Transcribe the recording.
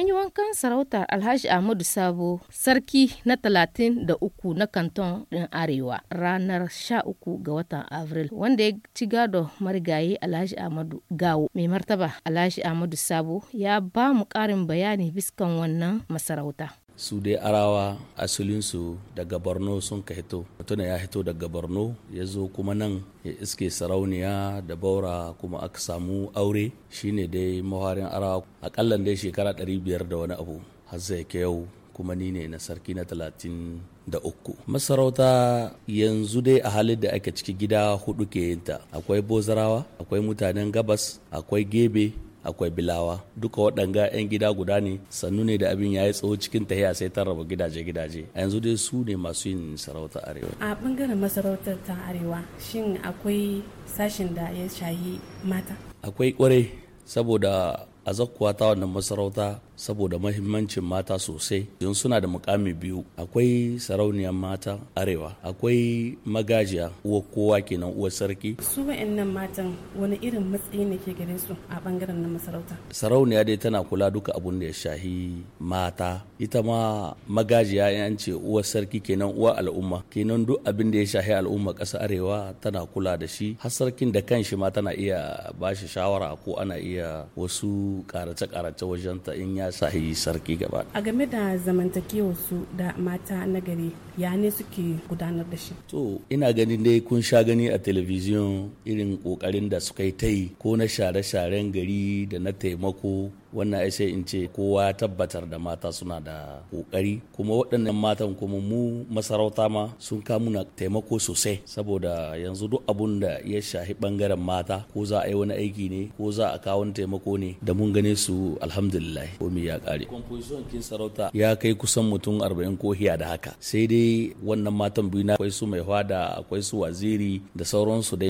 An yi wankan sarautar Alhaji Ahmadu Sabo, sarki na 33 na kanton ɗin Arewa ranar 13 ga watan Avril, wanda ya ci gado marigayi Alhaji Ahmadu Gawo. Mai martaba Alhaji Ahmadu Sabo ya ba mu ƙarin bayani biskan wannan masarauta. su dai arawa asalinsu daga borno sun ka hito mutum ya hito daga borno ya zo kuma nan ya iske sarauniya da baura kuma aka samu aure shine dai maharin arawa akalla dai shekara 500 da wani abu har zai ke yau kuma ni ne na sarki na talatin da uku. Masarauta yanzu dai a halin da ake ciki gida hudu ke yinta. Akwai Bozarawa, akwai mutanen gabas, akwai Gebe, akwai bilawa duka waɗanga 'yan gida guda ne sannu ne da abin ya yi tsawo cikin tahiya sai ta raba gidaje-gidaje a yanzu dai su ne masu yin sarauta arewa a bangaren masarautar ta arewa shin akwai sashen da ya shayi mata akwai kwarai saboda a zakkuwa ta wannan masarauta saboda mahimmancin mata sosai don suna da mukami biyu akwai sarauniyar mata arewa akwai magajiya uwa kowa kenan uwa sarki su wa'annan matan wani irin matsayi ne ke gare su a bangaren na masarauta sarauniya dai tana kula duka abun da ya shahi mata ita ma magajiya yan ce uwa sarki kenan uwa al'umma kenan duk abin da ya shahi al'umma ƙasa arewa tana kula da shi har sarkin da kanshi ma tana iya bashi shawara ko ana iya wasu karace-karace wajenta in ya ya sahi sarki gaba a game da zamantakewar su da mata na gari ya ne suke gudanar da shi to ina ganin dai kun sha gani a telebijin irin kokarin da suka yi ta yi ko na share-sharen gari da na taimako wannan ai in ce kowa ya tabbatar da mata suna da kokari kuma waɗannan matan kuma mu masarauta ma sun kamu na taimako sosai saboda yanzu duk abun da ya shahi bangaren mata ko za a yi wani aiki ne ko za a kawo wani taimako ne da mun gane su alhamdulillah komi ya kare composition kin sarauta ya kai kusan mutum 40 ko hiya da haka sai dai wannan matan biyu na akwai su mai hwada akwai su waziri da sauransu dai